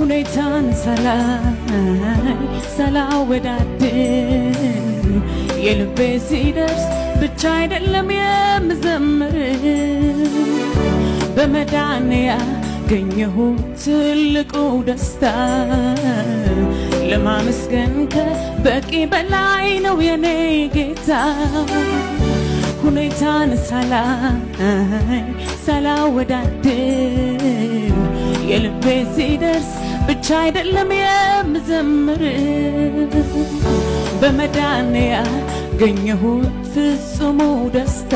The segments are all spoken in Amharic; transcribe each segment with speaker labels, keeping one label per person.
Speaker 1: ሁኔታን ሰላይ ሰላወዳድር የልቤ ሲደርስ ብቻ አይደለም የምዘምር በመዳንያ ገኘሁ ትልቁ ደስታ ለማመስገን ከበቂ በላይ ነው የኔ ጌታ። ሁኔታን ሳላይ ሳላወዳድር የልቤ ሲደርስ ብቻ አይደለም የምዘምር በመዳኔ ያገኘሁት ፍጹሙ ደስታ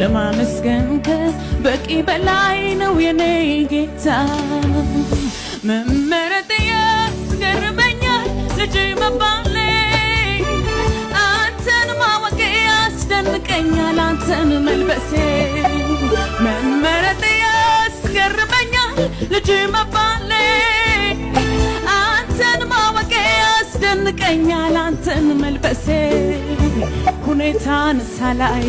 Speaker 1: ለማመስገን ከበቂ በላይ ነው የኔ ጌታ። መመረጤ ያስገርመኛል ልጅ መባሌ አንተን ማወቄ ያስደንቀኛል አንተን መልበሴ መመረጤ ያስገርመኛል ልጅ ያስጨንቀኛል አንተን መልበሴ ሁኔታን ሳላይ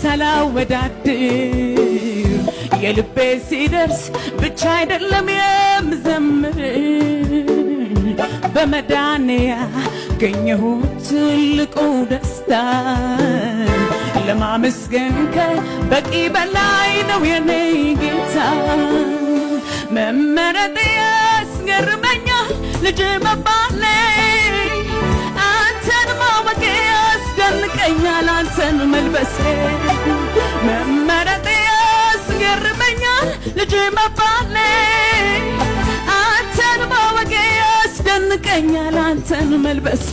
Speaker 1: ሳላወዳድር የልቤ ሲደርስ ብቻ አይደለም የምዘምር በመዳንያ ያገኘሁ ትልቁ ደስታ ለማመስገን በቂ በላይ ነው የኔ ጌታ መመረጥ ያስገርመኛ ልጅ መባሌ አንተን ማወቄ ያስደንቀኛል፣ አንተን መልበሴ መመረጤ ያስገርመኛል፣ ልጅ መባሌ አንተን ማወቄ ያስደንቀኛል፣ አንተን መልበሴ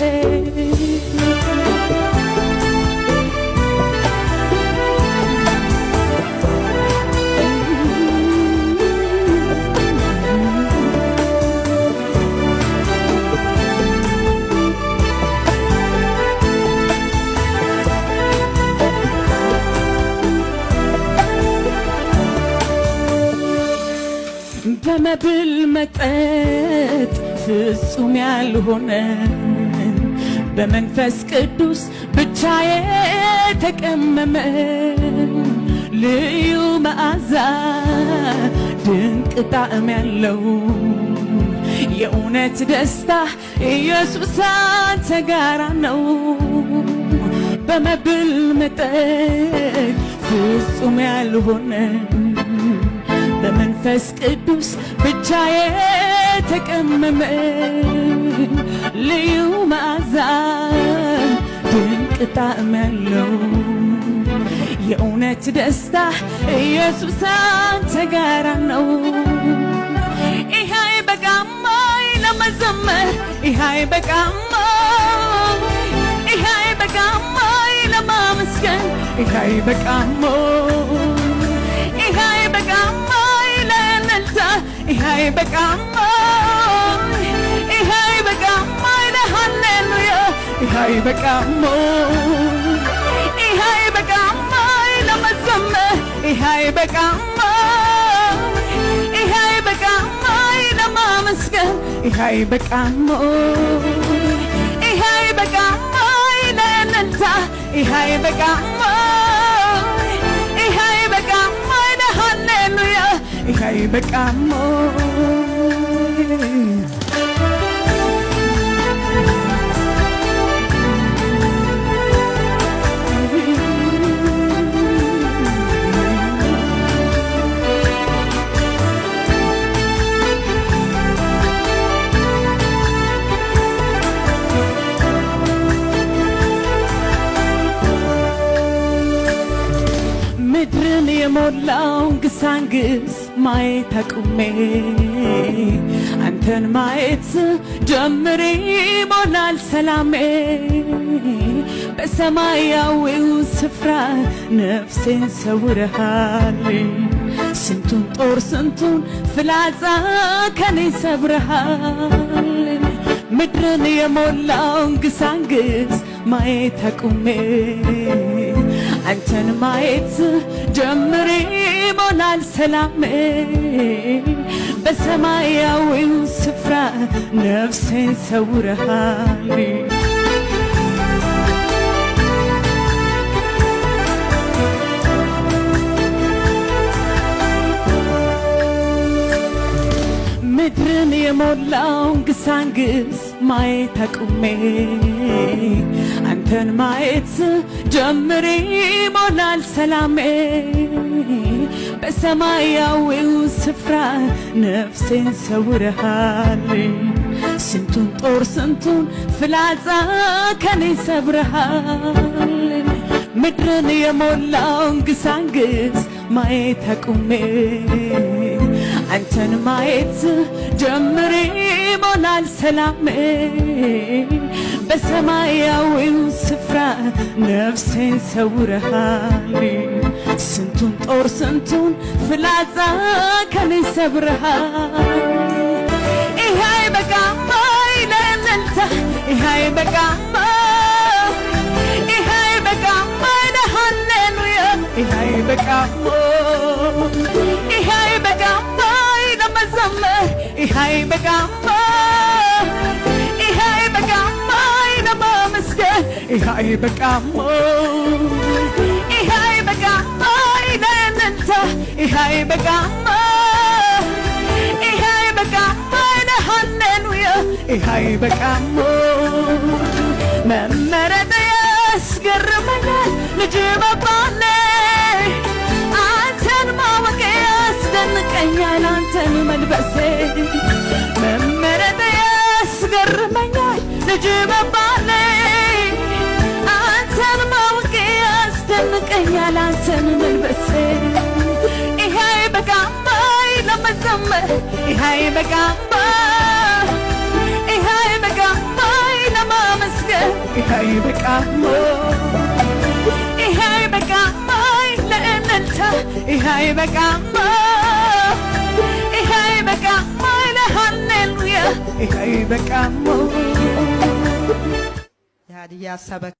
Speaker 1: ከመብል መጠጥ ፍጹም ያልሆነ በመንፈስ ቅዱስ ብቻ የተቀመመ ልዩ መዓዛ ድንቅ ጣዕም ያለው የእውነት ደስታ ኢየሱስ አንተ ጋራ ነው። በመብል መጠጥ ፍጹም ያልሆነ መንፈስ ቅዱስ ብቻዬ ተቀመመ ልዩ መዓዛ ድንቅ ጣዕም ያለው የእውነት ደስታ ኢየሱስ አንተ ጋራ ነው። ይህ በቃማይ ለመዘመር ይህ በቃማይ ይህ በቃማይ ለማመስገን ይህ አይበቃሞ ይሄ በቃማ ይሄ በቃማ ይለህ ሃሌሉያ ይሄ በቃማ ይሄ በቃማ ለመዘመር ይሄ በቃማ ይሄ በቃማ ለማመስገን ይሄ በቃማ ይሄ በቃማ ለእልልታ ይሄ በቃማ ይህ አይበቃም
Speaker 2: ምድርን የሞላው ግሳንግስ ማየት አቁሜ አንተን ማየት ጀምሬ ሞላል ሰላሜ በሰማያዊው ስፍራ ነፍሴን ሰውረሃል ስንቱን ጦር ስንቱን ፍላጻ ከኔ ሰብረሃል ምድርን የሞላውን ግሳንግስ ማየት አቁሜ አንተን ማየት ጀምሬ ሞላል ሰላሜ በሰማያዊው ስፍራ ነፍሴን ሰውረሃል የሞላውን ግሳንግስ ማየት አቁሜ አንተን ማየት ጀምሬ ሞላል ሰላሜ በሰማያዊው ስፍራ ነፍሴን ሰውረሃል። ስንቱን ጦር ስንቱን ፍላጻ ከኔ ሰብረሃል። ምድርን የሞላውን ግሳንግስ ማየት አቁሜ አንተን ማየት ጀምሬ ሞላል ሰላሜ በሰማያዊው ስፍራ ነፍሴን ሰውረሃል ስንቱን ጦር ስንቱን ፍላጻ ከኔ ሰብረሃል ይህ በቃማይ ለእልልታ ይህ በቃማ ይህ በቃማይ ለሃሌሉያ ይህ በቃማ ይኸይ በጋማ ይኸይ በጋማ ለማመስገን ይኸይ በጋማ ይኸይ በጋማ ለእንተ ይኸይ በጋማ ይኸይ በጋማ ለሃሌሉያ ይኸይ በጋማ ያስደንቀኛል አንተን መልበሴ መመረጤ ያስገርመኛል ልጅ መባሌ አንተን ማወቄ ያስደንቀኛል አንተን መልበሴ ይሄ በቃማይ ለመዘመር ይሄ በቃማ ይሄ በቃማይ ለማመስገን ይሄ በቃማ ይሄ በቃማይ ለእምነታ ይሄ በቃማ ይሄ በቃ የሀዲያ